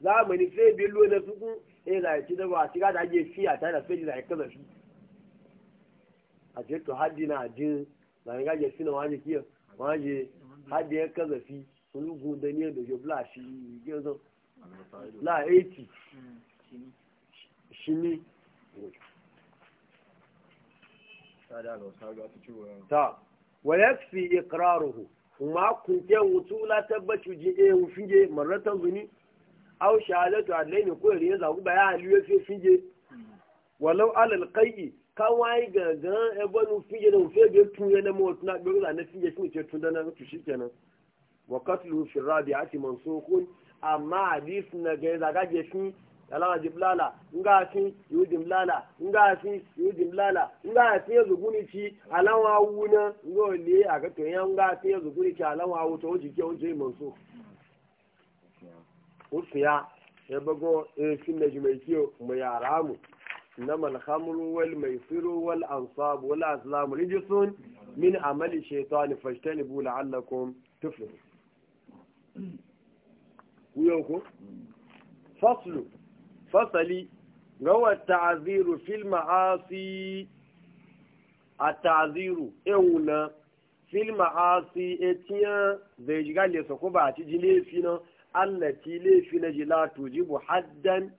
zamani sai bi lo na tukun e eh, da ci da ba ci ga da a ta da sai da shi a je to haddi na da ga je fi na waje kiyo waje haddi ya kaza fi sun gu da ne da je bla shi zo la 80 shi ni ta wa yakfi iqraruhu kun ke e marratan zuni aw shahadatu annabi ko riya za ku bayan aliyo fi fije walau alal qayyi kan wai gaga e bonu fije da fe be tunye na mot na be za na fije shi ce tun na tu shikenan wa qatlu fi rabi'ati mansukun amma hadith na ga za ga je shi nga fi nga fi nga fi ci alawa wuna ngo aga to fi ci alawa wuto ji ke on je mansukun wasu ya ya bago eh, sun na jimaikiyo mu yara mu na malhamru wal mai firu wal ansabu wal aslamu rijisun min amali shaitani fashtani bu la'allakum tuflihu kuyo ko faslu fasali gawa ta'ziru fil ma'asi at-ta'ziru euna fil ma'asi etiyan zai jiga le ko ba ti jile fi na allati laifi na ji la tujibu haddan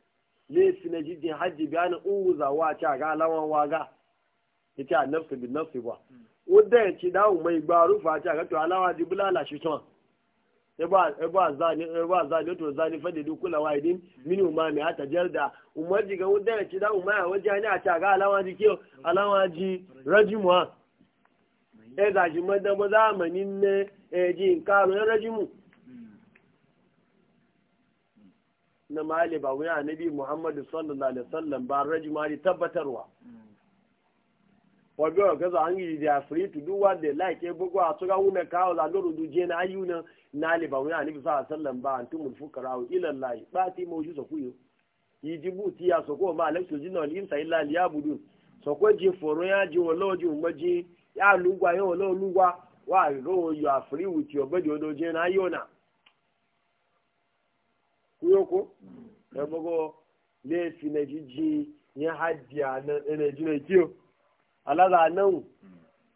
laifi na ji jin hajji bayan unguza wa ci a ga lawan waga ya ce a nafsu bin nafsu ba hmm. wadda ya ci dawo mai gba rufa ci a ga to alawa ji bulala shi son ba zani to zani fadi duk kula wa idin mini umma mai hata jarda umar jiga wadda ya ci da umma ya wajen a ci a ga alawa ji kiyo alawa ji rajimuwa ya e gashi madan ba zamanin ne ya e ji in karo rajimu na mali ba wuya annabi Muhammadu sallallahu alaihi wasallam ba rajima ne tabbatarwa wabi wa gaza an yi da free to do what they like e bugu a tuga wuna kawo la loro du je na ayuna na le ba wuna annabi sallallahu alaihi wasallam ba antumul fuqara ila allah ba ti mo ju so kuyo yijibu ti ya so ko ma le so jinna al insa illa liyabudu so ko foro ya ji wo loju mo ji ya lugwa yo lo lugwa wa ro you are free with your body odo je na ayuna kuyo ko da hmm. mago laifi na jiji ya hajjiya na energy na kiyo alaza nan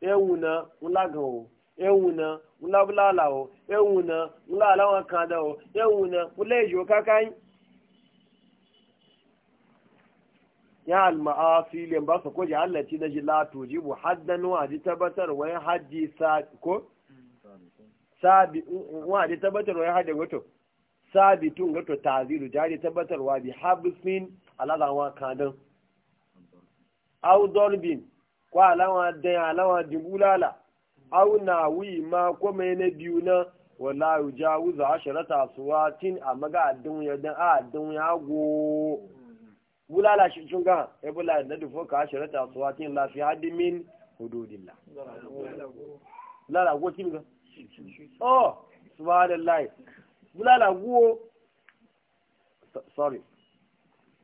ewu na nlagan o ewu na nlabulala o ewu na ulalawa kada o ewu na nlejo kakan ya alma'afi lemba su kwaje allaci na ji bu haddan waje tabbatar wani hajji sa ko sabi waje tabbatar wani hajji wato sabitun gato taziru jari tabbatarwa bi habsin alalawa kadan au dolbin ko alawa dan alawa dibulala au nawi ma ko mai na biyu na wala yujawizu asharata suwatin a maga addun ya dan a addun ya go bulala shi tunga e bulala na dufo ka asharata suwatin la fi hadimin hududillah lala go tinga oh subhanallah bulala guwo sorry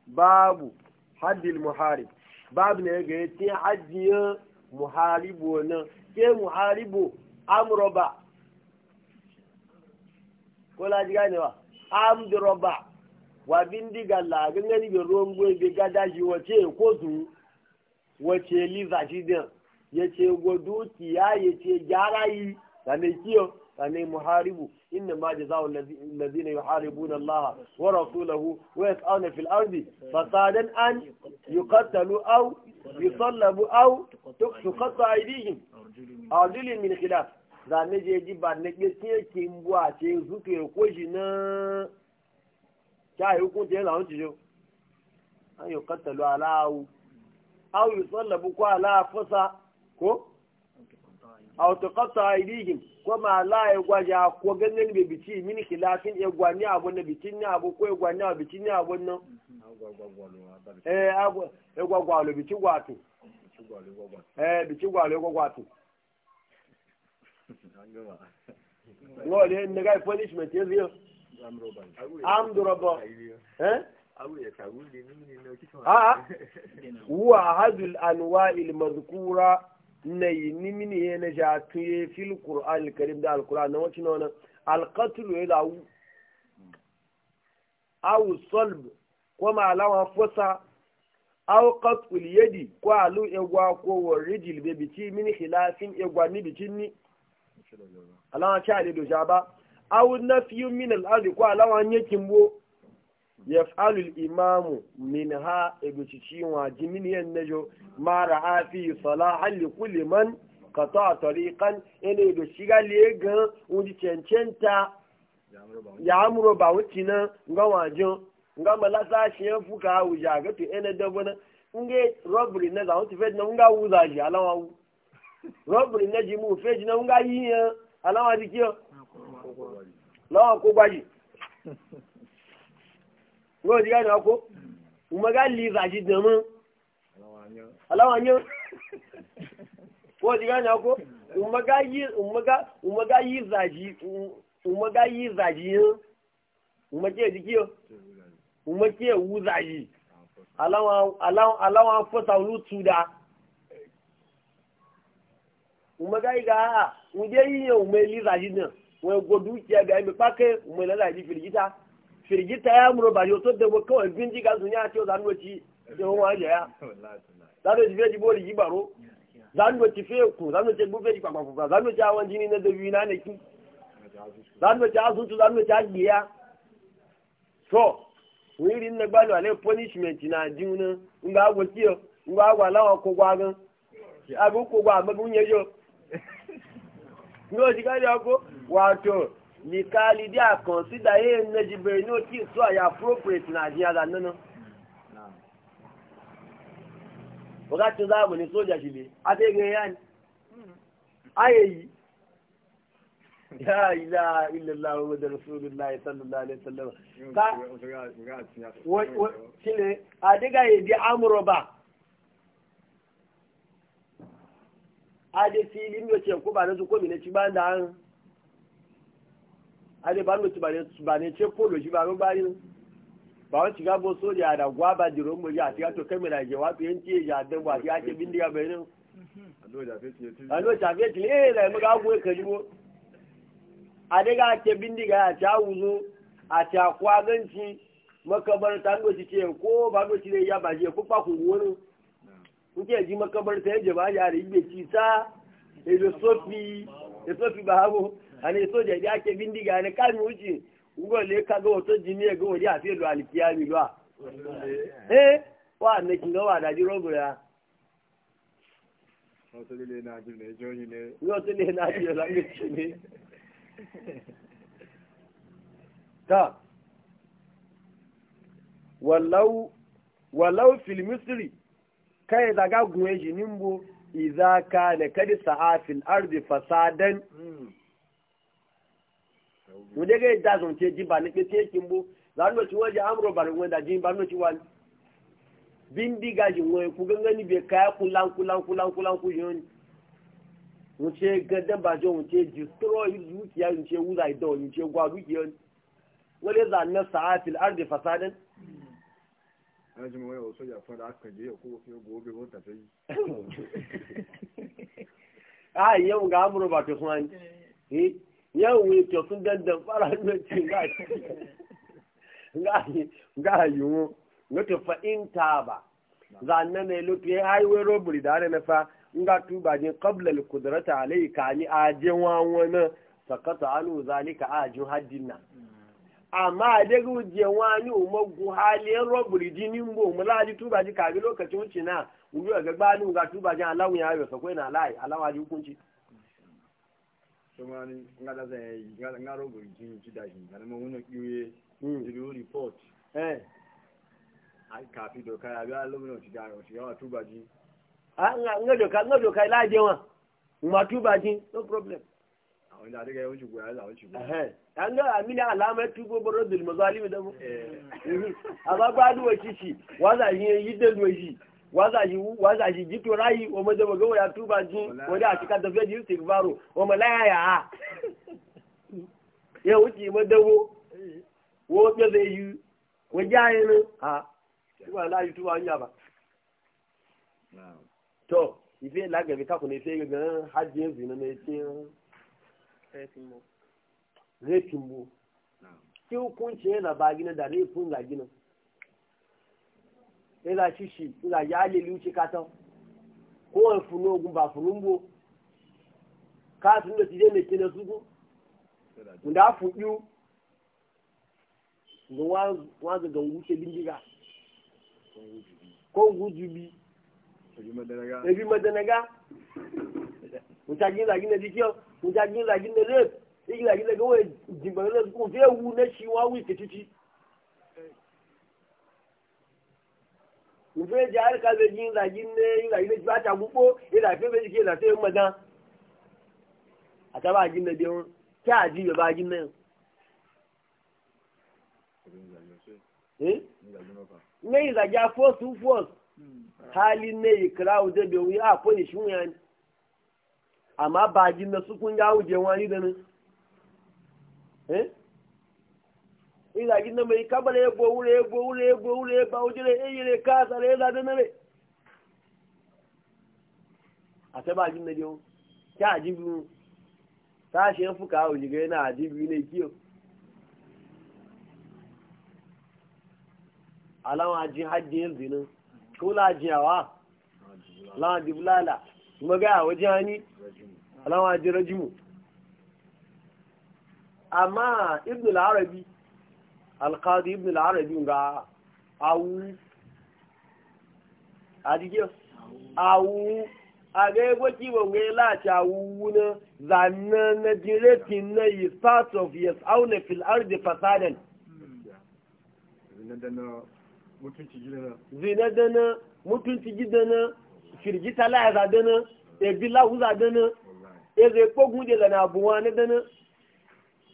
babu haddil muhari babu ne ga yace hajjiya muharibo nan ke muharibo amroba ko la ji ganewa amdroba wa bindiga la gangani be ruwan goyi be gada ji wace ko su wace liza shi din yace go ya yace gyara yi da ne kiyo أني محارب إنما جزاء الذين يحاربون الله ورسوله ويسعون في fasadan فسادا أن يقتلوا أو يصلبوا أو تقطع أيديهم أرجل من خلاف je ji ba mbu a zuke ko yi hukunta yana jo an yi kattalu ala'awu au yi tsallabu fasa ko ko ma la ya gwaja ko gangan be bici mini kilafin ya gwani abu na biti ni abu ko ya gwani abu bicin ni abu nan eh abu ya gwagwalo bici gwatu eh bici gwalo ya gwagwatu no le ne ga punishment eh? ya ziyo amduraba eh a huwa hadul anwa'il mazkura na yi nimini ya na ja tuye fil qur'an karim da alquran na wacin nan alqatlu ya lawu aw salb ko ma lawa fosa awu qatl yadi ko alu egwa ko rijil be bici mini khilafin egwa ni bicin ni alawa cha le do jaba na nafyu min al ardi ko alawa nyakin bo yaf'alul imamu min ha egucici wa jiminiyan najo ma ra'a fi salahan li kulli man qata tariqan ene ego shiga le gan undi cancanta ya amuro ba wuci na nga wajo nga malasa shi ya fuka wuja ga to ene dabo na nge robbery na za wuti fed na nga wuza ji alawa wu robbery na ji mu fed na nga yi alawa dikiyo lawa ko gbaji wọ́n ti gánà ọkọ́ umaga leave àti dànmọ́ aláwọ̀nyọ́ wọ́n ti gánà ọkọ́ umaga yí umaga umaga yí zàjì umaga yí zàjì yẹn umake dìkì yọ umake wú zàjì aláwọ̀ afọ́sà olùtù da umaga yí gàá ǹjẹ́ yíyan umaga yí zàjì náà wọ́n gbọ́dọ̀ dúkìá gàá ẹ̀mí pákẹ́ umaga yí zàjì fìlì ta. firgita ya muro ba yoto da kawai binji ga sun ya ce zan wuci yawon waje ya zan wuci feji bori yi baro zan wuci feku zan wuci ozi ji kwakwakwakwa zan wuci awon ndị na zabi na ne ki zan wuci asuntu zan wuci agiya so wirin na gbanu ale punishment na juna nga agwa kiyo nga agwa lawa kụ gan mikali di a consider ye neji bere ni o ti so aya appropriate na adiyan la nana wakati za abu ni soja te gbe ya ni. aye yi ya ila illallah wa da rasulullahi sallallahu alaihi wasallam ka shile adiga ye di amuro ba ade filin yo ce ko ba na su ko mi ne ci ba an ale ba lokaci ba ne ce polo ji ba ba ba wani ga bo soja da gwaba jiro mu ati a to kamera je wa to yanke e ya da ba ya ke bindiga bai ne allo fe ti le da mu ga goye kaji bo de ga ke bindiga ya ta wuzo a ta kwaganci ta ndo ci ce ko ba do ci ya ba je ko pa ku woro kuke ji makabarta ya e je ba ya ribe ci sa e lo sofi e sofi ba hawo àní sójà ìdí àṣẹ bíndìgà ni káàmì òjì ngọ́ọ̀lẹ́ kágọ́wọ́ tó jí ní ẹgbẹ́ òjì àti èlò àlìkíyàmì lọ́à ẹ́ wà nìkìn lọ́wọ́ àdájú rọ́bù ya. wọ́n tó lè náà jù lẹ́jọ́ yìí lé. wọ́n tó lè náà jù lẹ́jọ́ yìí lé. tá wàláwù fìlímísírì kai daga gun eji nimbo idza kana sa'a fil ardi fasadan hmm. mu dai ga da zon ce jimba ne ke ce kimbo za mu ci waje amro bar wanda jimba no ci wani bindiga ji wai ku gangani be kaya kulan kulan kulan kulan ku yon mu ce ba jo mu ce destroy zuciya mu ce wuza ido mu ce gwa dukiya wale za na sa'atil ardi fasadan rajin waya wasu ya fara aka je ya kuma fiye gobe wata ta yi a yau ga amuru ba ta suwa nye ya kyau sun dandan fara nuna ga yiwu ga zanne ya haiwe robbery da na fa nga tuba jin qabla al-qudrata alai ka ni aje wa wona sakata anu zalika ha haddina amma ade gu je hali robbery jini mbo mula ji tuba ji ka bi lokacin wuce na uyo ga gbanu tuba jin alawun ya yo sakwai na lai ji somani ngada za ngada ngaro go jin jida jin ngada mo wono kiwe ndiru hmm. report eh ai kafi do kai abi alu no ti daro ti yawa tubaji ah nga nga do nga do la je wa ma no problem awon da daga yawanci goya za wanci goya eh an alama dil da eh aba ba wa za yin yi waza shi jito rayi wa maza maga wa ya tuba ji wani a cika tafiya da yusuf baro wa malaya a ya wuce madawo wa wata zai yi wa jaye nan a tuba na yi tuba hanya ba to ife lagabi kaku ne sai ga hajji zina na mai ce zai bu ki hukunci yana ba gina da refin ga gina ìlà ṣíṣì ìlà yà á lè lu ṣe kátán kó wọn fún ogun bà fún lóńgbò káàtì nígbà tí dé lè tẹ̀lé ṣubú ǹdà fún yú ǹdà wọn gbẹgbẹ òwú ṣe bíndíga kó òwú ju bí ebi mọ̀dẹ̀nẹ̀gá ǹṣàgínlá gínlẹ̀ díkíọ́ ǹṣàgínlá gínlẹ̀ rẹ̀ ìgbìlá gínlẹ̀ gọ́wọ́ ìdìbò rẹ̀ kò fẹ́ wú náà ṣí wọn wí kẹtìtì. nfe ji harika zai yi ina ji ne ina ji ba ta gubo ina fi bai jike na sai maza a ta ba jin na biyu ta ji ba jin na ne yi zagi a force to hmm. hali ne yi kira wuje bai wuyi a kone shi wuya ne amma ba jin na sukun ya wuje wani da nan eh? izagi e e na mai kabale egbo wuri egbo wuri egbo wuri eyere ka re eza de nare aseba na jiun ki ajibi mu ta ṣe ń fuka òjìgẹ na ajibi ilé kí o aláwọn ajin hajji ń zinu kó láàjin àwa láwọn ajin búláàlà gbọgá àwọn jẹ́ wọn ní aláwọn ajin rẹ́jìmù arabi. alkadi ibn al'arabi ga awu adigiyar awu a ga egwe kiwon ga lati awu na zanna na directing na yi part of yes aune fil ardi fasadan zina dana mutunci gidana ya za dana ebi la'uza dana eze kogun de lana abuwa na dana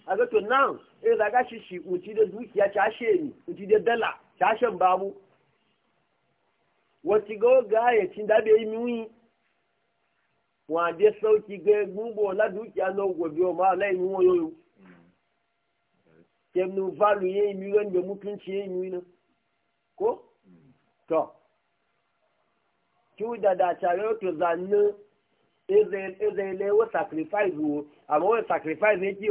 a to now in eh, zaga shi shi uci da dukiya cashe ni uci da dala cashen babu wacce ga gayacin da bai yi wi. wa dai sauki ga gubo la dukiya na gobe o ma la yi woyo kemnu valu yi mi ran da mutunci yi mi na ko to ki da da tare to zanne ezele ezele wo sacrifice wo amma wo sacrifice ne ki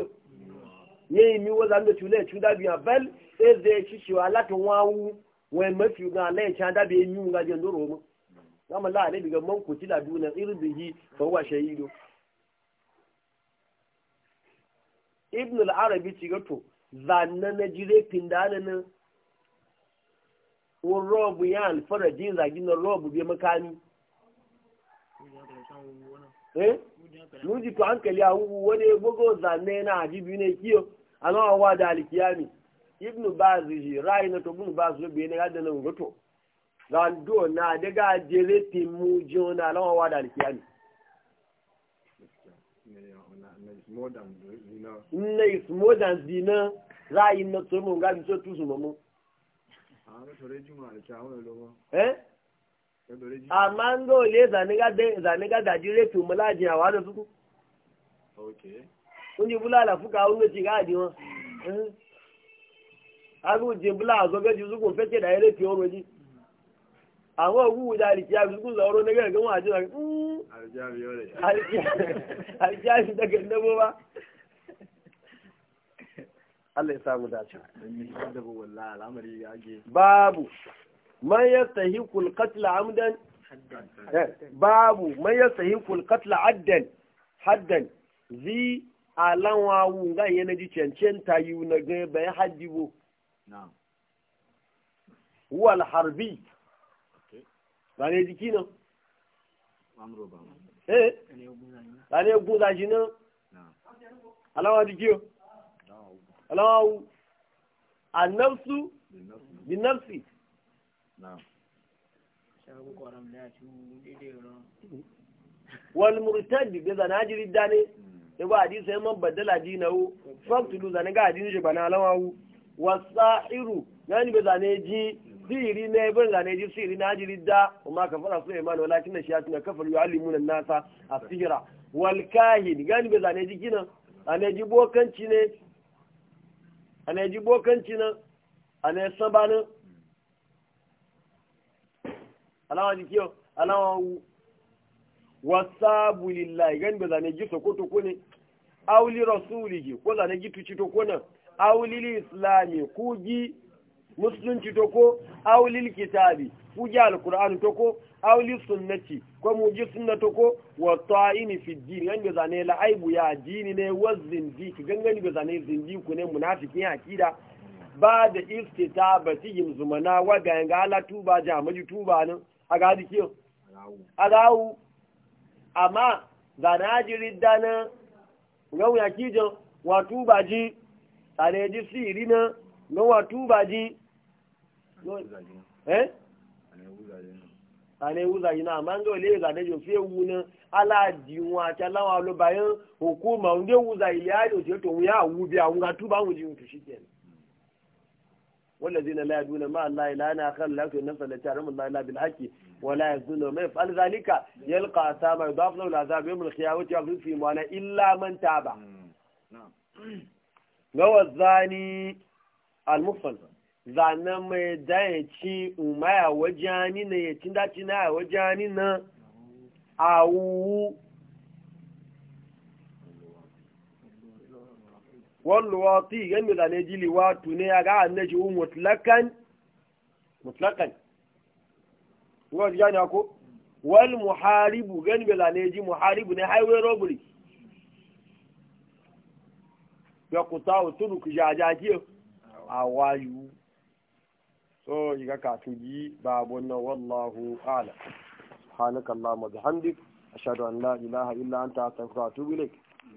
ye mi wo zan da chule chuda biya bal e ze shi shi wala to wawu we mafi ga lai cha da be nyu ga jendo romo kama la ne man kuti la duna irbihi fa huwa shahidu ibn al-arabi ci ga to zanna na jire pindana na won robu ya alfarajin robu be makami eh nuji to hankali a hu wani gogo zanne na ajibi ne kiyo ana wa da alkiyami ibnu baz ji rai na to ibnu baz be ne ga da ngoto goto do na daga jere timu jona ana wa da alkiyami nne is more than zina rai na to mun ga bi so tusu mo mo eh amma n dole zaniga daji refi mulajin a da suku kunji bulala fuka wunga ci gaji wọn agun jin bula a zogaji sukun fete da ya refi oro ji àwọn òwú da àrìkí àbùsùkún lọ́rọ́ nígbà ẹ̀gbẹ́ wọn àti àrìkí àbí daga ndabo ba Allah ya samu dace. Babu. man yastahiqu al-qatl amdan eh, babu man yastahiqu al addan haddan zi alanwa wunga yana ji cancanta yi na ga bayan haddibo na'am huwa harbi ba ne jiki eh ba ne alawa jiki alawa annafsu wal murtadi bi zana jiri dane da ba hadisi hmm. sai man badala dinahu lu zane ga hadisi je bana lawawu wasairu yani be zane ji hmm. siri ne bin zane ji siri na jiri da kuma fara su iman walakin na shiyatu na kafar yu'allimuna nasa asira wal kahin yani be zane ji kina ane ji bokanci ne ane ji bokanci ne ane sabanin alawa jikiyo alawa wu wasabu lillahi gani ba zane ji sokoto ko ne auli rasulihi ko zane ji ci to ko nan li islami ku ji musulunci to ko auli kitabi ku ji alqur'an to ko auli sunnati ko mu ji sunna to ko wa ta'ini fi din gani ba zane la aibu ya dini ne wa zindiki gangani ba zane ku ne munafikin akida ba da istitabati yimzumana wa ga ala tuba jama'i tuba nan a ga jiki a gawu amma da na ji ridda na gawun ya kijin watu ba ji tare ji siri na na watu eh? ba ji eh tare wuza yi na amma ga wale ga dajo fiye wu na, ala diwa ta lawa lo bayan hukuma unde wuza yi ile ayo je to ya wubi a unga tuba wuji shi shikenan والذين لا يدون ما الله لا انا أخر لا يكون نفسا التي حرم الله إلا بالحق ولا يزنون ما يفعل ذلك يلقى أثاما يضاف له العذاب يوم القيامة يغفر في معنى الا من تاب نعم هو الزاني المفصل zanen mai dan ci umaya wajani na ya cin daci walluwati yan mi zane ji liwatu ne ya ga un mutlakan mutlakan ko ji gani ko wal muharibu gan mi muharibu ne highway robbery ya kuta utulu ku jaja ki awayu so yiga ka tuji babu na wallahu ala subhanakallahumma bihamdik ashhadu an la ilaha illa anta astaghfiruka wa atubu ilayk